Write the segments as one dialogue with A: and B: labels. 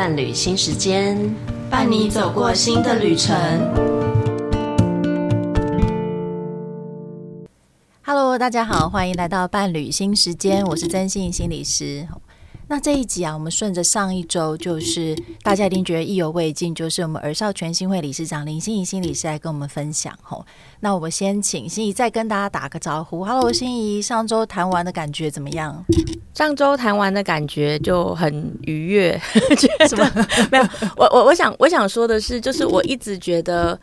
A: 伴侶新時間，伴你走過新的旅程。Hello，大家好，歡迎來到伴侶新時間，我是曾心怡心理師。那這一集啊，我們順着上一周，就是大家一定覺得意猶未盡，就是我們兒少權心會理事長林欣儀心理師來跟我們分享。吼，那我們先請欣儀再跟大家打個招呼。Hello，欣儀，上周談完的感覺怎麼樣？
B: 上周談完的感覺就很愉悅， 得什麼沒有？ 我我我想我想說的是，就是我一直覺得，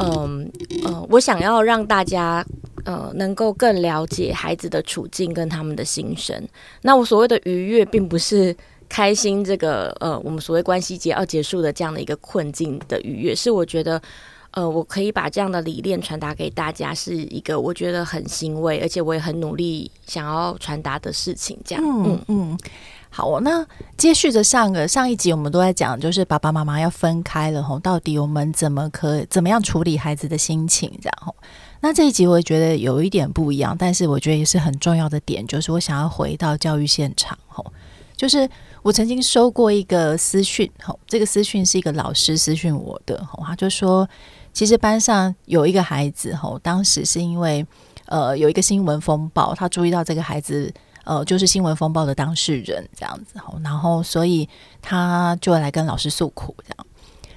B: 嗯、呃、嗯、呃，我想要讓大家。呃，能夠更了解孩子的處境跟他們的心聲。那我所謂的愉悅，並不是開心這個呃，我們所謂關係結要結束的這樣的一個困境的愉悅，是我覺得呃，我可以把這樣的理念傳達給大家，是一個我覺得很欣慰，而且我也很努力想要傳達的事情，這樣，嗯嗯，
A: 嗯，好哦，那接續着上個上一集，我們都在講，就是爸爸媽媽要分開了吼，到底我們怎麼可怎麼樣處理孩子的心情這樣，然後。那這一集我覺得有一點不一樣，但是我覺得也是很重要的點，就是我想要回到教育現場吼，就是我曾經收過一個私訊吼，這個私訊是一個老師私訊我的吼，他就說其實班上有一個孩子吼，當時是因為呃有一個新聞風暴，他注意到這個孩子呃就是新聞風暴的當事人這樣子吼，然後所以他就來跟老師訴苦。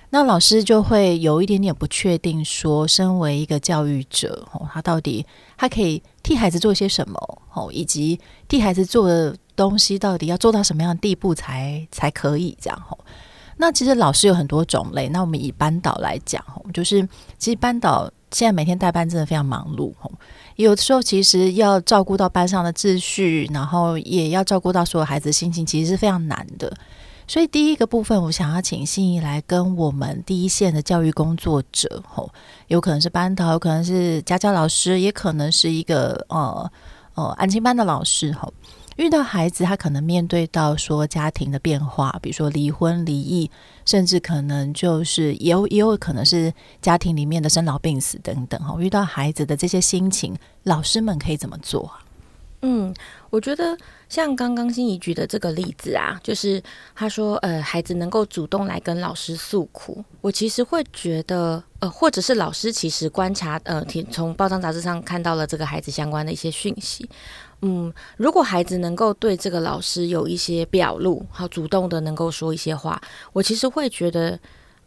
A: 那老師就會有一點點不確定，說身為一個教育者，吼，他到底他可以替孩子做些什麼，以及替孩子做的東西到底要做到什麼樣的地步才才可以這樣？吼，那其實老師有很多種類，那我們以班導來講，吼，就是其實班導現在每天帶班真的非常忙碌，吼，有的時候其實要照顧到班上的秩序，然後也要照顧到所有孩子的心情，其實是非常難的。所以第一個部分，我想要請欣儀來跟我們第一線的教育工作者，吼，有可能是班導，有可能是家教老師，也可能是一個呃呃安親班的老師，哈，遇到孩子他可能面對到說家庭的變化，比如說離婚、離異，甚至可能就是有也有可能是家庭裡面的生老病死等等，哈，遇到孩子的這些心情，老師們可以怎麼做啊？
B: 嗯，我覺得像剛剛欣儀舉的這個例子啊，就是他說呃，孩子能夠主動來跟老師訴苦，我其實會覺得呃，或者是老師其實觀察呃，挺，從報章雜誌上看到了這個孩子相關的一些訊息，嗯，如果孩子能夠對這個老師有一些表露，好主動的能夠說一些話，我其實會覺得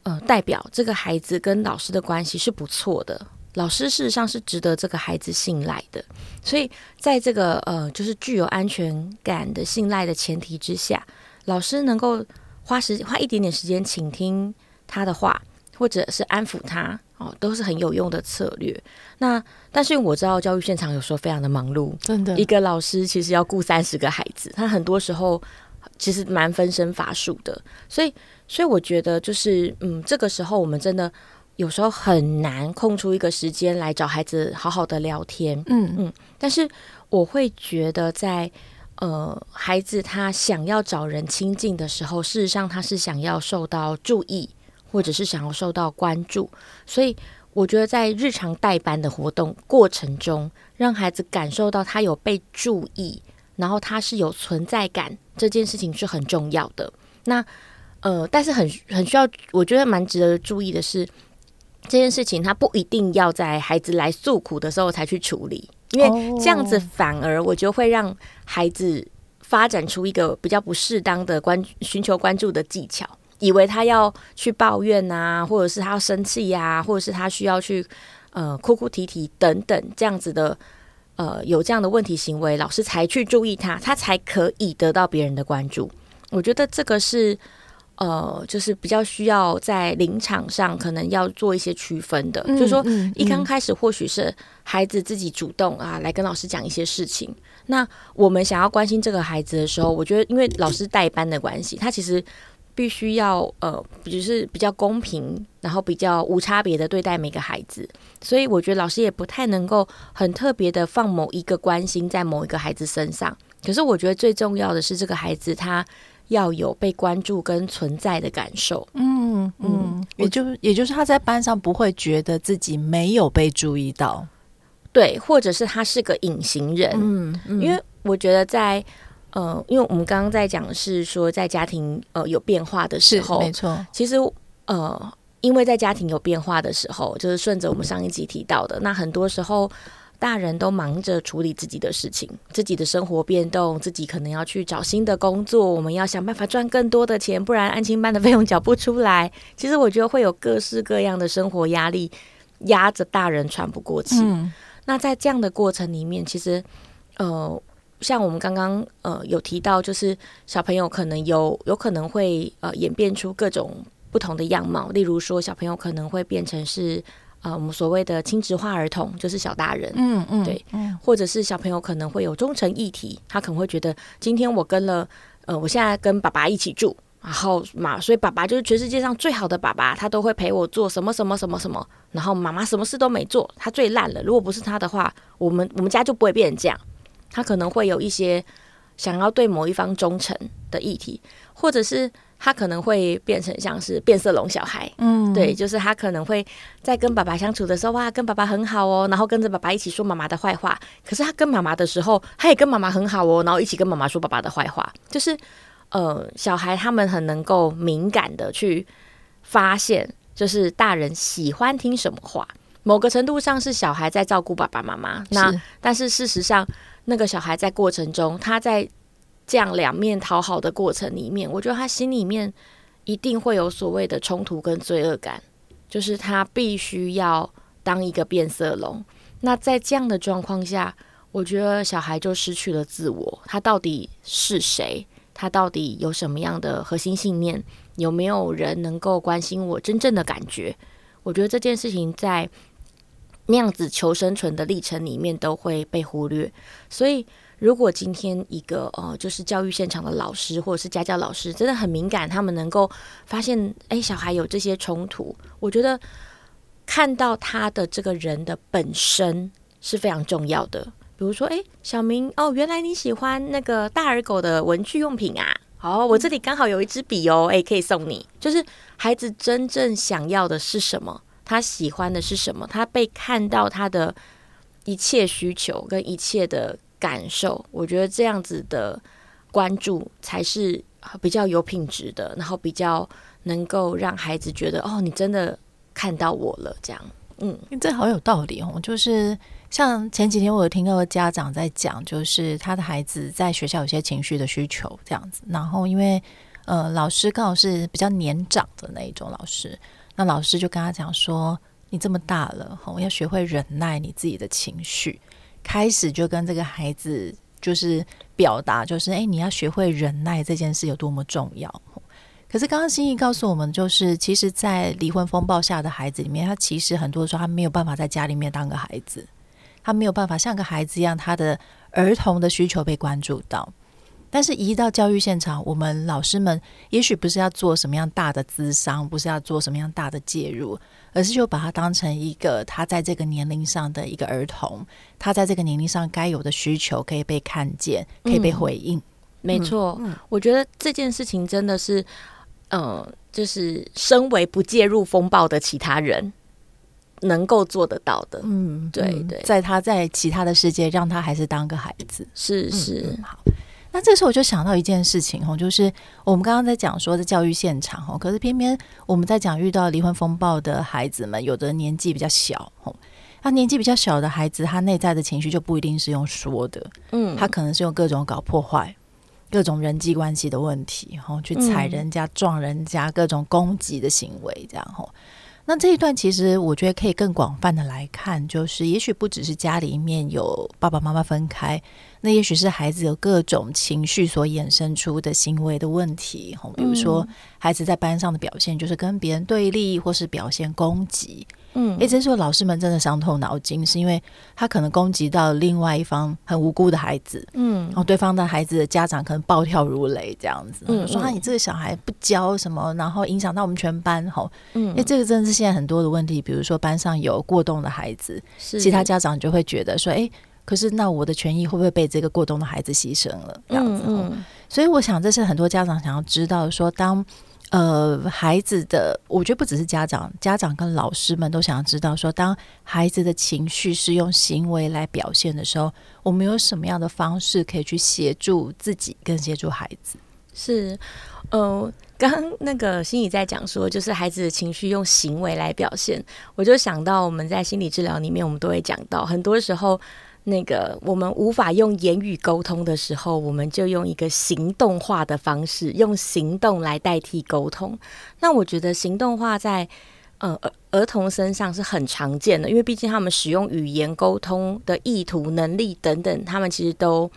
B: 呃，代表這個孩子跟老師的關係是不錯的。老師事實上是值得這個孩子信賴的，所以在這個呃，就是具有安全感的信賴的前提之下，老師能夠花時花一點點時間傾聽他的話，或者是安撫他哦，都是很有用的策略。那但是我知道教育現場有時候非常的忙碌，真的，一個老師其實要顧三十個孩子，他很多時候其實蠻分身乏術的，所以所以我覺得就是嗯，這個時候我們真的，有時候很難空出一個時間來找孩子好好的聊天，嗯嗯。但是我會覺得在，在呃，孩子他想要找人親近的時候，事實上他是想要受到注意，或者是想要受到關注。所以我覺得，在日常帶班的活動過程中，讓孩子感受到他有被注意，然後他是有存在感，這件事情是很重要的。那呃，但是很很需要，我覺得蠻值得注意的是。這件事情，他不一定要在孩子來訴苦的時候才去處理，
A: 因為這樣子
B: 反而我覺得會讓孩子發展出一個比較不適當的關尋求關注的技巧，以為他要去抱怨啊，或者是他要生氣呀、啊，或者是他需要去呃哭哭啼啼等等，這樣子的呃，有這樣的問題行為，老師才去注意他，他才可以得到別人的關注。我覺得這個是。呃，就是比較需要在臨場上可能要做一些區分的，嗯嗯嗯、就是說一剛開始或許是孩子自己主動啊來跟老師講一些事情，那我們想要關心這個孩子的時候，我覺得因為老師帶班的關係，他其實必須要呃，就是比較公平，然後比較無差別的對待每個孩子，所以我覺得老師也不太能夠很特別的放某一個關心在某一個孩子身上。可是我覺得最重要的是這個孩子他。要有被關注跟存在的感受，嗯
A: 嗯，嗯也就我也就是他在班上不會覺得自己沒有被注意到，對，
B: 或者是他是個隱形
A: 人，
B: 嗯嗯，因為我覺得在呃，因為我們剛剛在講是說在家庭呃有變化的時候，沒錯，其實呃，因為在家庭有變化的時候，就是順着我們上一集提到的，那很多時候。大人都忙着處理自己的事情，自己的生活變動，自己可能要去找新的工作，我們要想辦法賺更多的錢，不然安親班的費用繳不出來。其實我覺得會有各式各樣的生活壓力，壓着大人喘不過氣。嗯、那在這樣的過程裡面，其實呃，像我們剛剛呃有提到，就是小朋友可能有有可能會呃演變出各種不同的樣貌，例如說小朋友可能會變成是。啊，我們、呃、所謂的親職化兒童就是小大人，嗯嗯，嗯對，或者是小朋友可能會有忠誠議題，他可能會覺得今天我跟了，呃，我現在跟爸爸一起住，然後嘛，所以爸爸就是全世界上最好的爸爸，他都會陪我做什麼什麼什麼什麼，然後媽媽什麼事都沒做，他最爛了。如果不是他的話，我們我們家就不會變成這樣。他可能會有一些想要對某一方忠誠的議題，或者是。他可能會變成像是變色龍小孩，嗯，對，就是他可能會在跟爸爸相處的時候，哇，跟爸爸很好哦，然後跟着爸爸一起說媽媽的壞話。可是他跟媽媽的時候，他也跟媽媽很好哦，然後一起跟媽媽說爸爸的壞話。就是，呃，小孩他們很能夠敏感的去發現，就是大人喜歡聽什麼話。某個程度上是小孩在照顧爸爸媽媽，那是但是事實上，那個小孩在過程中，他在。這樣兩面討好的過程裡面，我覺得他心裡面一定會有所謂的衝突跟罪惡感，就是他必須要當一個變色龍。那在這樣的狀況下，我覺得小孩就失去了自我，他到底是誰？他到底有什麼樣的核心信念？有沒有人能夠關心我真正的感覺？我覺得這件事情在那樣子求生存的歷程裡面都會被忽略，所以。如果今天一個呃，就是教育現場的老師或者是家教老師真的很敏感，他們能夠發現，欸，小孩有這些衝突，我覺得看到他的這個人的本身是非常重要的。比如說，欸，小明，哦，原來你喜歡那個大耳狗的文具用品啊？哦，我這裡剛好有一支筆哦，欸，可以送你。就是孩子真正想要的是什麼？他喜歡的是什麼？他被看到他的一切需求跟一切的。感受，我覺得這樣子的關注才是比較有品質的，然後比較能夠讓孩子覺得哦，你真的看到我了，這樣。
A: 嗯，這好有道理哦。就是像前幾天我有聽到家長在講，就是他的孩子在學校有些情緒的需求，這樣子，然後因為呃老師剛好是比較年長的那一種老師，那老師就跟他講說：“你這麼大了，吼，要學會忍耐你自己的情緒。”開始就跟這個孩子就是表達，就是誒、欸，你要學會忍耐這件事有多麼重要。可是剛剛心怡告訴我們，就是其實在離婚風暴下的孩子裡面，他其實很多時候他沒有辦法在家裡面當個孩子，他沒有辦法像個孩子一樣，他的兒童的需求被關注到。但是，移到教育現場，我們老師們也許不是要做什麼樣大的諮商，不是要做什麼樣大的介入，而是就把他當成一個他在這個年齡上的一個兒童，他在這個年齡上該有的需求可以被看見，可以被回應。嗯、沒錯，嗯、
B: 我覺得這件事情真的是，嗯、呃，就是身為不介入風暴的其他人能夠做得到的。嗯，
A: 對、嗯、對，對在他，在其他的世界，讓他還是當個孩子。是是、嗯嗯，好。那這時候我就想到一件事情吼，就是我們剛剛在講說的教育現場吼，可是偏偏我們在講遇到離婚風暴的孩子們，有的年紀比較小吼，那年紀比較小的孩子，他內在的情緒就不一定是用說的，嗯，他可能是用各種搞破壞、各種人際關係的問題，然後去踩人家、撞人家、各種攻擊的行為這樣吼。那這一段其實，我覺得可以更廣泛的來看，就是也許不只是家裡面有爸爸媽媽分開，那也許是孩子有各種情緒所衍生出的行為的問題，比如說孩子在班上的表現，就是跟別人對立，或是表現攻擊。嗯，哎，真是說，老師們真的傷透腦筋，是因為他可能攻擊到另外一方很無辜的孩子，嗯，然後對方的孩子的家長可能暴跳如雷這樣子，嗯、說、嗯、啊，你這個小孩不教什麼，然後影響到我們全班，吼、哦，嗯，哎，這個真的是現在很多的問題，比如說班上有過動的孩子，是其他家長就會覺得說，哎、欸，可是那我的權益會不會被這個過動的孩子犧牲了？這樣子，嗯嗯哦、所以我想這是很多家長想要知道的說，當。呃，孩子的，我覺得不只是家長，家長跟老師們都想要知道說，說當孩子的情緒是用行為來表現的時候，我們有什麼樣的方式可以去協助自己跟協助孩子？
B: 是，呃，剛那個心怡在講說，就是孩子的情緒用行為來表現，我就想到我們在心理治療裡面，我們都會講到，很多時候。那個我們無法用言語溝通的時候，我們就用一個行動化的方式，用行動來代替溝通。那我覺得行動化在呃兒童身上是很常見的，因為畢竟他們使用語言溝通的意圖、能力等等，他們其實都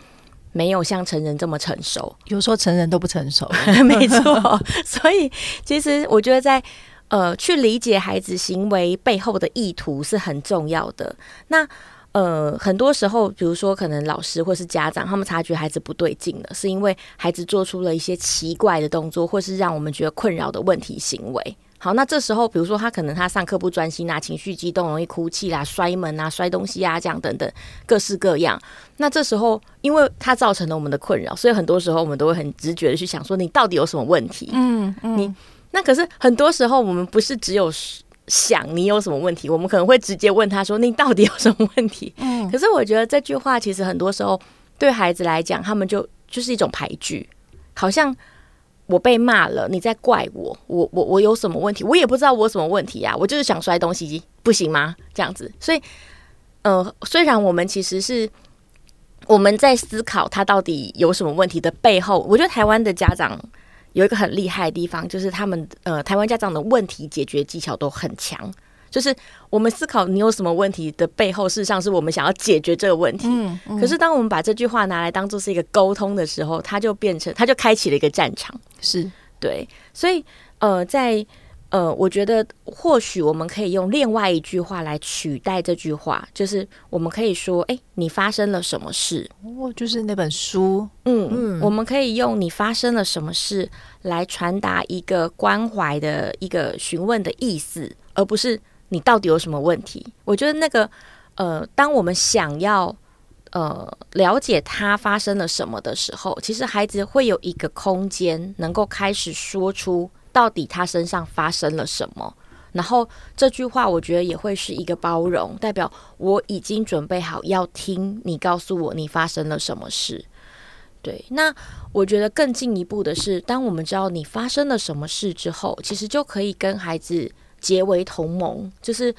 B: 沒有像成人這麼成熟。有時候
A: 成人都不成熟， 沒
B: 錯。所以其實我覺得在呃去理解孩子行為背後的意圖是很重要的。那。呃，很多時候，比如說可能老師或是家長，他們察覺孩子不對勁的是因為孩子做出了一些奇怪的動作，或是讓我們覺得困擾的問題行為。好，那這時候，比如說他可能他上課不專心啊，情緒激動，容易哭泣啦，摔門啊，摔東西啊，這樣等等，各式各樣。那這時候，因為他造成了我們的困擾，所以很多時候我們都會很直覺的去想說，你到底有什麼問題？嗯嗯。那可是很多時候，我們不是只有。想你有什麼問題？我們可能會直接問他說：“你到底有什麼問題？”嗯，可是我覺得這句話其實很多時候對孩子來講，他們就就是一種排劇，好像我被罵了，你在怪我，我我我有什麼問題？我也不知道我有什麼問題啊！我就是想摔東西，不行嗎？這樣子，所以，呃，雖然我們其實是我們在思考他到底有什麼問題的背後，我覺得台灣的家長。有一個很厲害的地方，就是他們呃，台灣家長的問題解決技巧都很強。就是我們思考你有什麼問題的背後，事實上是我們想要解決這個問題。嗯嗯、可是當我們把這句話拿來當做是一個溝通的時候，它就變成，它就開啟了一個戰場。是對，所以呃，在。呃，我覺得或許我們可以用另外一句話來取代這句話，就是我們可以說：“哎、欸，你發生了什麼事？”哦，就是那本書。嗯嗯，嗯我們可以用“你發生了什麼事”來傳達一個關懷的一個詢問的意思，而不是“你到底有什麼問題”。我覺得那個，呃，當我們想要呃了解他發生了什麼的時候，其實孩子會有一個空間能夠開始說出。到底他身上發生了什麼？然後這句話，我覺得也會是一個包容，代表我已經準備好要聽你告訴我你發生了什麼事。對，那我覺得更進一步的是，當我們知道你發生了什麼事之後，其實就可以跟孩子結為同盟，就是，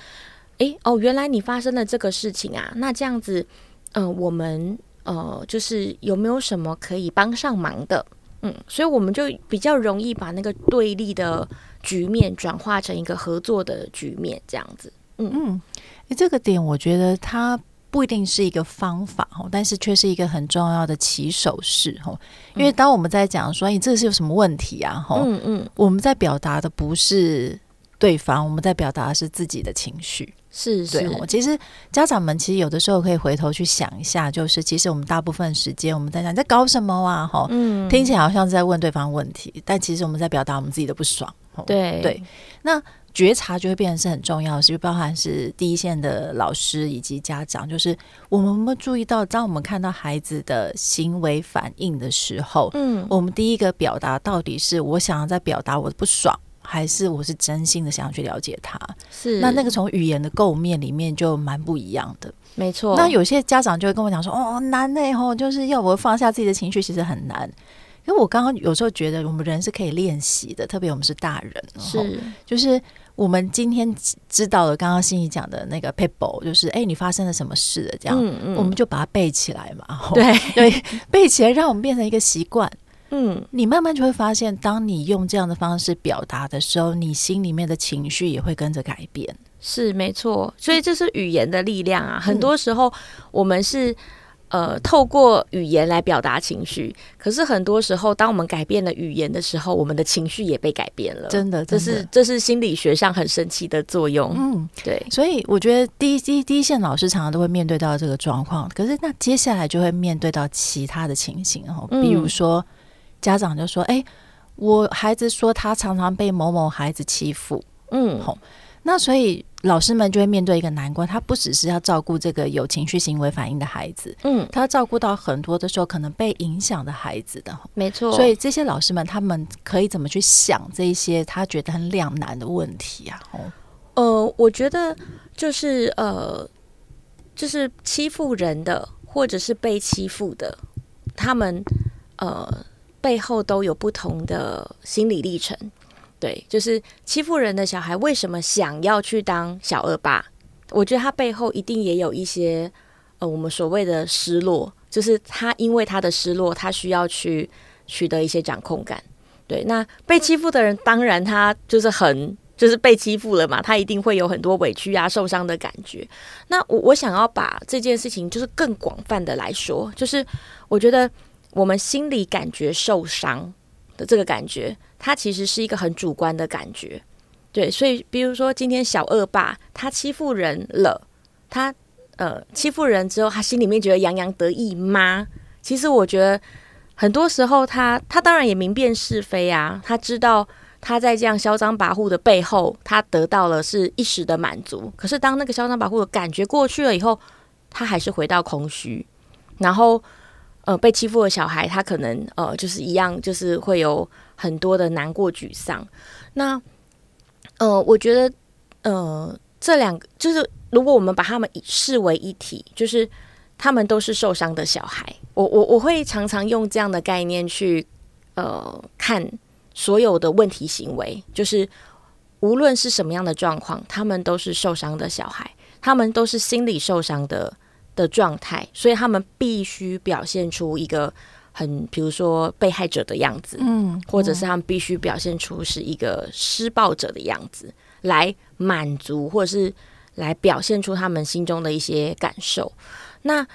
B: 哎，哦，原來你發生了這個事情啊，那這樣子，嗯、呃，我們、呃，就是有沒有什麼可以幫上忙的？嗯，所以我們就比較容易把那個對立的局面轉化成一個合作的局面，這樣子。
A: 嗯嗯、欸，這個點我覺得它不一定是一個方法哦，但是卻是一個很重要的起手式哦。因為當我們在講說“你、嗯、這是有什麼問題啊”嗯嗯，嗯我們在表達的不是對方，我們在表達的是自己的情緒。是，是，我其實家長們其實有的時候可以回頭去想一下，就是其實我們大部分時間我們在想你在搞什麼啊？哈，嗯，聽起來好像是在問對方問題，但其實我們在表達我們自己的不爽。對對，那覺察就會變成是很重要的是，是包含是第一線的老師以及家長，就是我們有沒有注意到，當我們看到孩子的行為反應的時候，嗯，我們第一個表達到底是我想要在表達我的不爽。還是我是真心的想要去了解他，是那那個從語言的構面裡面就蠻不一樣的，沒錯。那有些家長就會跟我講說：“哦，難嘞吼就是要我放下自己的情緒，其實很難。”因為我剛剛有時候覺得，我們人是可以練習的，特別我們是大人，是就是我們今天知道了剛剛欣儀講的那個撇步，就是哎，你發生了什麼事的這樣，嗯嗯，我們就把它背起來嘛，對對，背起來讓我們變成一個習慣。嗯，你慢慢就會發現，當你用這樣的方式表達的時候，你心裡面的情緒也會跟着改變。
B: 是沒錯，所以這是語言的力量啊！嗯、很多時候我們是呃透過語言來表達情緒，可是很多時候，當我們改變了語言的時候，我們的情緒也被改變了。真的，真的這是這是心理學上很神奇的作用。嗯，
A: 對。所以我覺得第一第一第一線老師常常都會面對到這個狀況，可是那接下來就會面對到其他的情形，哦，比如說。嗯家長就說：“哎、欸，我孩子說他常常被某某孩子欺負，嗯，好，那所以老師們就會面對一個難關，他不只是要照顧這個有情緒行為反應的孩子，嗯，他照顧到很多的時候可能被影響的孩子的，沒錯。所以這些老師們，他們可以怎麼去想這一些他覺得很兩難的問題啊？哦，
B: 呃，我覺得就是呃，就是欺負人的或者是被欺負的，他們呃。”背後都有不同的心理歷程，對，就是欺負人的小孩為什麼想要去當小惡霸？我覺得他背後一定也有一些呃，我們所謂的失落，就是他因為他的失落，他需要去取得一些掌控感。對，那被欺負的人，當然他就是很就是被欺負了嘛，他一定會有很多委屈啊、受傷的感覺。那我我想要把這件事情就是更廣泛的來說，就是我覺得。我們心裡感覺受傷的這個感覺，它其實是一個很主觀的感覺。對，所以比如說，今天小惡霸他欺負人了，他呃欺負人之後，他心裡面覺得洋洋得意嗎？其實我覺得很多時候他，他他當然也明辨是非啊，他知道他在這樣囂張跋扈的背後，他得到了是一時的滿足。可是當那個囂張跋扈的感覺過去了以後，他還是回到空虛，然後。呃，被欺負的小孩，他可能呃，就是一樣，就是會有很多的難過、沮喪。那呃，我覺得呃，這兩個就是，如果我們把他們以視為一體，就是他們都是受傷的小孩。我我我會常常用這樣的概念去呃看所有的問題行為，就是無論是什麼樣的狀況，他們都是受傷的小孩，他們都是心理受傷的的狀態，所以他們必須表現出一個很，比如說被害者的樣子，嗯，嗯，或者是他們必須表現出是一個施暴者的樣子，來滿足或者是來表現出他們心中的一些感受。那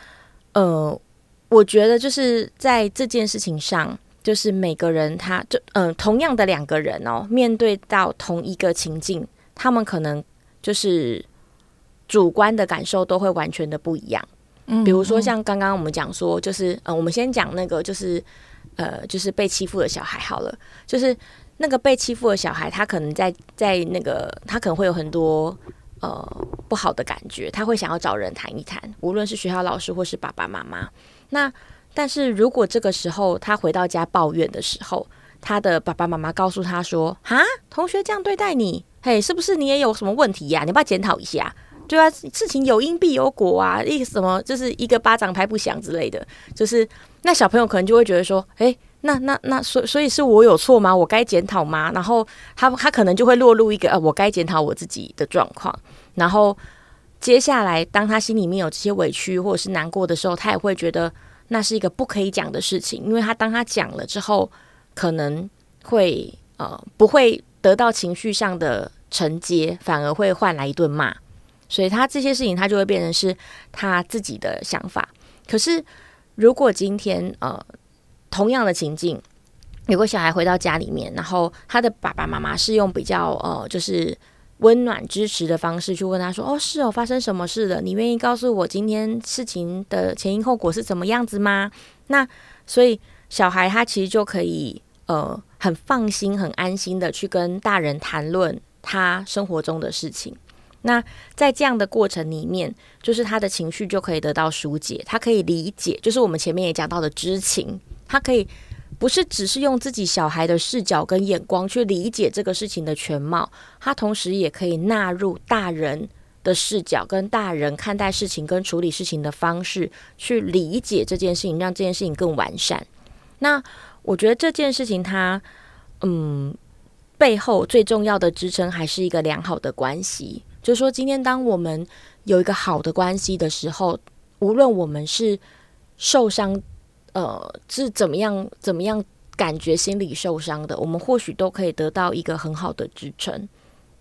B: 呃，我覺得就是在這件事情上，就是每個人他就嗯、呃，同樣的兩個人哦，面對到同一個情境，他們可能就是。主觀的感受都會完全的不一樣。
A: 嗯，比如說
B: 像剛剛我們講說，就是嗯、嗯、呃，我們先講那個，就是呃，就是被欺負的小孩好了，就是那個被欺負的小孩，他可能在在那個他可能會有很多呃不好的感覺，他會想要找人談一談，無論是學校老師或是爸爸媽媽。那但是如果這個時候他回到家抱怨的時候，他的爸爸媽媽告訴他說：“啊，同學這樣對待你，嘿，是不是你也有什麼問題呀、啊？你要不要檢討一下？”對啊，事情有因必有果啊，一個什麼就是一個巴掌拍不響之類的，就是那小朋友可能就會覺得說，哎，那那那，所以所以是我有錯嗎？我該檢討嗎？然後他他可能就會落入一個呃，我該檢討我自己的狀況。然後接下來，當他心裡面有這些委屈或者是難過的時候，他也會覺得那是一個不可以講的事情，因為他當他講了之後，可能會呃不會得到情緒上的承接，反而會換來一頓罵。所以他這些事情，他就會變成是他自己的想法。可是，如果今天呃同樣的情境，有個小孩回到家裡面，然後他的爸爸媽媽是用比較呃就是溫暖支持的方式去問他說：“哦，是哦，發生什麼事了？你願意告訴我今天事情的前因後果是怎麼樣子嗎？”那所以小孩他其實就可以呃很放心、很安心的去跟大人談論他生活中的事情。那在這樣的過程裡面，就是他的情緒就可以得到疏解，他可以理解，就是我們前面也講到的知情，他可以不是只是用自己小孩的視角跟眼光去理解這個事情的全貌，他同時也可以納入大人的視角跟大人看待事情跟處理事情的方式去理解這件事情，讓這件事情更完善。那我覺得這件事情它，它嗯背後最重要的支撐還是一個良好的關係。就是說今天，當我們有一個好的關係的時候，無論我們是受傷，呃，是怎麼樣、怎麼樣感覺心理受傷的，我們或許都可以得到一個很好的支撐。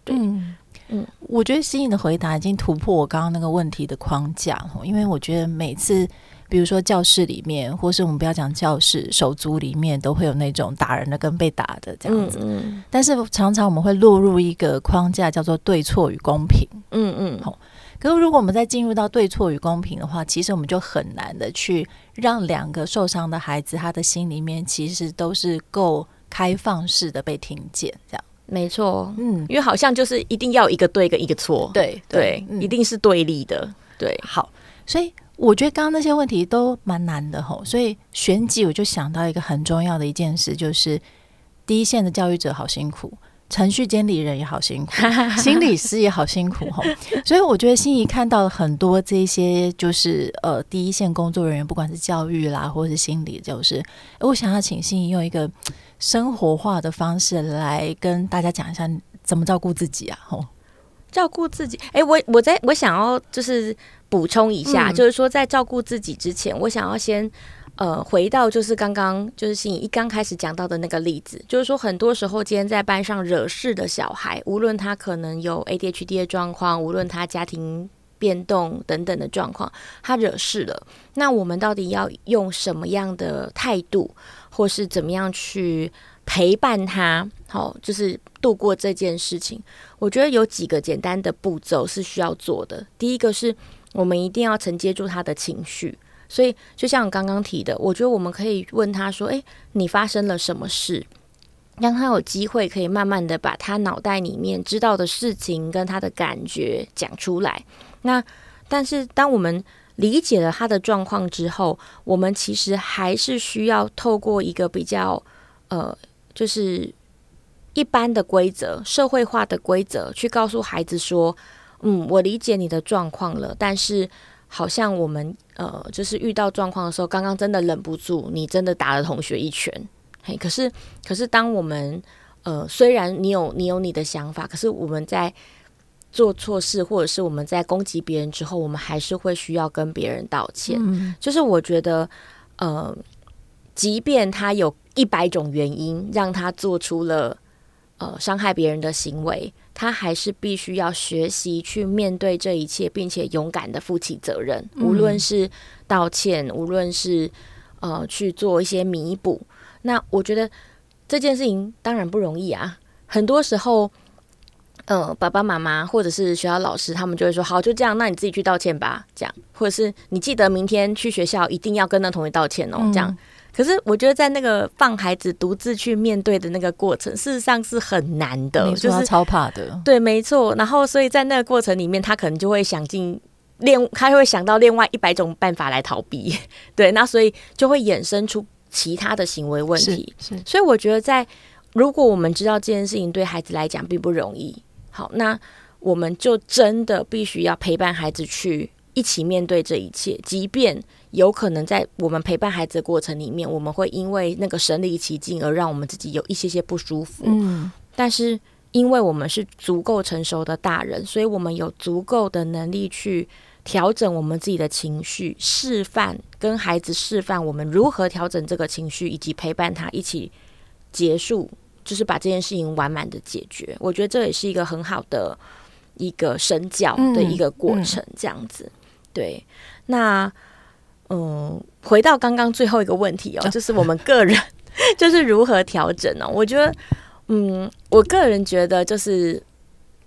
B: 對，
A: 嗯，嗯我覺得欣儀的回答已經突破我剛剛那個問題的框架，因為我覺得每次。比如說教室裡面，或是我們不要講教室，手足裡面都會有那種打人的跟被打的這樣子。嗯嗯。但是常常我們會落入一個框架，叫做對錯與公平。嗯嗯。好，嗯，可是如果我們再進入到對錯與公平的話，其實我們就很難的去讓兩個受傷的孩子，他的心裡面其實都是夠開放式的被聽見。這樣沒錯。嗯。因為好像就是一定要一
B: 個對跟一個錯。對對，嗯，一定是對立的。對。好，
A: 所以。我覺得剛剛那些問題都蠻難的吼，所以旋即我就想到一個很重要的一件事，就是第一線的教育者好辛苦，程序監理人也好辛苦， 心理師也好辛苦吼。所以我覺得欣儀看到了很多這些，就是呃第一線工作人員，不管是教育啦，或是心理，就是我想要請欣儀用一個生活化的方式來跟大家講一下怎麼照顧自己啊，吼，
B: 照顧自己。哎、欸，我我在我想要就是。補充一下，嗯、就是說在照顧自己之前，我想要先，呃，回到就是剛剛就是欣儀剛開始講到的那個例子，就是說很多時候今天在班上惹事的小孩，無論他可能有 ADHD 的狀況，無論他家庭變動等等的狀況，他惹事了，那我們到底要用什麼樣的態度，或是怎麼樣去陪伴他，好、哦，就是度過這件事情，我覺得有幾個簡單的步驟是需要做的，第一個是。我們一定要承接住他的情緒，所以就像我剛剛提的，我覺得我們可以問他說：“誒，你發生了什麼事？”讓他有機會可以慢慢的把他腦袋裡面知道的事情跟他的感覺講出來。那但是當我們理解了他的狀況之後，我們其實還是需要透過一個比較呃，就是一般的規則、社會化的規則，去告訴孩子說，嗯，我理解你的狀況了，但是好像我們呃，就是遇到狀況的時候，剛剛真的忍不住，你真的打了同學一拳。嘿，可是可是，當我們呃，雖然你有你有你的想法，可是我們在做錯事，或者是我們在攻擊別人之後，我們還是會需要跟別人道歉。嗯。就是我覺得，呃，即便他有一百種原因讓他做出了。呃，傷害別人的行為，他還是必須要學習去面對這一切，並且勇敢的負起責任。嗯、無論是道歉，無論是呃去做一些彌補，那我覺得這件事情當然不容易啊。很多時候，呃，爸爸媽媽或者是學校老師，他們就會說：“好，就這樣，那你自己去道歉吧。”這樣，或者是你記得明天去學校一定要跟那同學道歉哦。嗯、這樣。可是我覺得，在那個放孩子獨自去面對的那個過程，事實上是很難的，沒錯，就是他超
A: 怕的。對，
B: 沒錯。然後，所以在那個過程裡面，他可能就會想盡另，他會想到另外一百種辦法來逃避。對，那所以就會衍生出其他的行為問題。是，是，所以我覺得，在如果我們知道這件事情對孩子來講並不容易，好，那我們就真的必須要陪伴孩子去。一起面對這一切，即便有可能在我們陪伴孩子的過程裡面，我們會因為那個身臨其境而讓我們自己有一些些不舒服。嗯，但是因為我們是足夠成熟的大人，所以我們有足夠的能力去調整我們自己的情緒，示範跟孩子示範我們如何調整這個情緒，以及陪伴他一起結束，就是把這件事情完滿的解決。我覺得這也是一個很好的一個身教的一個過程，嗯嗯，這樣子。對，那嗯，回到剛剛最後一個問題哦，就 是我們個人就是如何調整呢、哦？我覺得，嗯，我個人覺得就是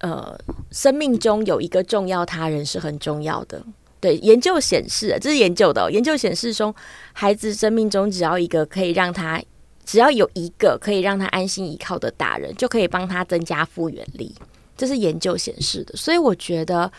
B: 呃，生命中有一個重要他人是很重要的。對，研究顯示，這是研究的、哦。研究顯示說孩子生命中只要一個可以讓他，只要有一個可以讓他安心依靠的大人，就可以幫他增加復原力。這是研究顯示的，所以我覺得。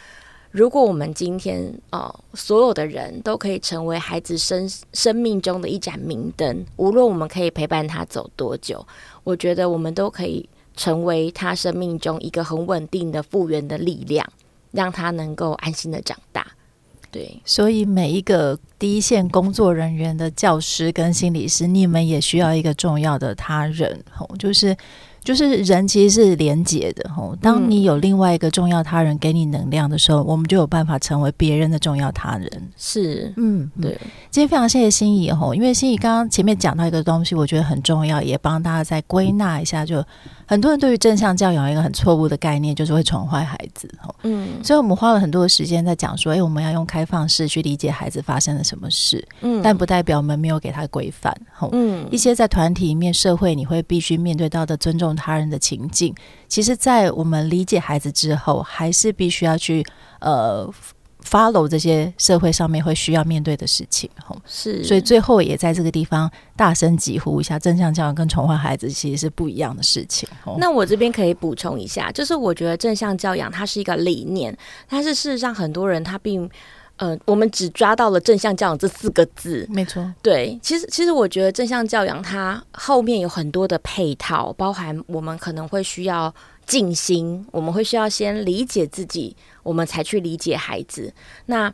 B: 如果我們今天哦，所有的人都可以成為孩子生生命中的一盞明燈，無論我們可以陪伴他走多久，我覺得我們都可以成為他生命中一個很穩定的復原的力量，讓他能夠安心的長大。
A: 對，所以每一個第一線工作人員的教師跟心理師，你們也需要一個重要的他人，吼、哦，就是。就是人其實是連結的吼，當你有另外一個重要他人給你能量的時候，嗯、我們就有辦法成為別人的重要他人。是，嗯，對。今天非常謝謝欣儀吼，因為欣儀剛剛前面講到一個東西，我覺得很重要，也幫大家再歸納一下。就很多人對於正向教養一個很錯誤的概念，就是會寵壞孩子嗯，所以我們花了很多的時間在講說，哎、欸，我們要用開放式去理解孩子發生了什麼事，嗯，但不代表我們沒有給他規範吼。嗯，嗯，一些在團體裡面、社會你會必須面對到的尊重。他人的情境，其實，在我們理解孩子之後，還是必須要去呃 follow 這些社會上面會需要面對的事情。哦、是，所以最後也在這個地方大聲疾呼一下：正向教養跟寵壞孩子其實是不一樣的事情。哦、那
B: 我這邊可以補充一下，就是我覺得正向教養它是一個理念，但是事實上很多人他並。呃，我們只抓到了“正向教養”
A: 這四個字，沒錯。
B: 對，其實其實我覺得正向教養它後面有很多的配套，包含我們可能會需要靜心，我們會需要先理解自己，我們才去理解孩子。那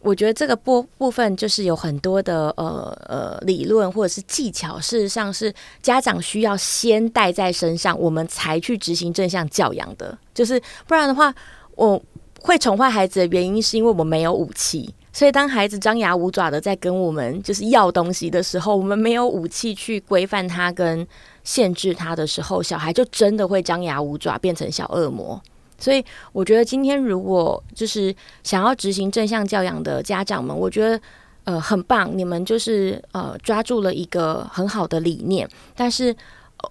B: 我覺得這個部部分就是有很多的呃呃理論或者是技巧，事實上是家長需要先帶在身上，我們才去執行正向教養的。就是不然的話，我。會寵壞孩子的原因，是因為我們沒有武器。所以，當孩子張牙舞爪的在跟我們就是要東西的時候，我們沒有武器去規範他跟限制他的時候，小孩就真的會張牙舞爪，變成小惡魔。所以，我覺得今天如果就是想要執行正向教養的家長們，我覺得呃很棒，你們就是呃抓住了一個很好的理念，但是，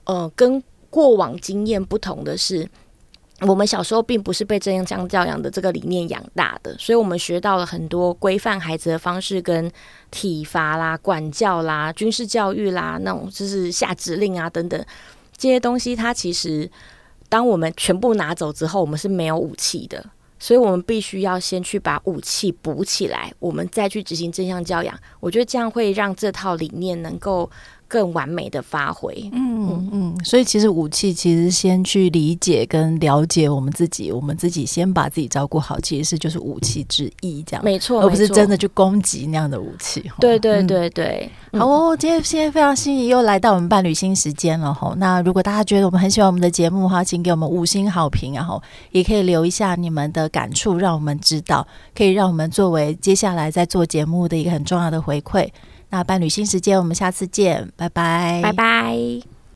B: 呃，跟過往經驗不同的是。我們小時候並不是被正向教養的這個理念養大的，所以我們學到了很多規範孩子的方式，跟體罰啦、管教啦、軍事教育啦，那種就是下指令啊等等這些東西。它其實，當我們全部拿走之後，我們是沒有武器的，所以我們必須要先去把武器補起來，我們再去執行正向教養。我覺得這樣會讓這套理念能夠。更完美的發揮，
A: 嗯嗯，嗯，所以其實武器其實先去理解跟了解我們自己，我們自己先把自己照顧好，其實是就是武器之一，這樣沒錯錯，而不是真的去攻擊那樣的武器。錯齁對對對對，嗯、好、哦，今天今天非常幸運又來到我們伴侶行時間了哈。那如果大家覺得我們很喜歡我們的節目的話，請給我們五星好評，啊，然後也可以留一下你們的感觸，讓我們知道，可以讓我們作為接下來在做節目的一個很重要的回饋。啊，伴旅新時間。我們下次見，拜拜，拜
B: 拜。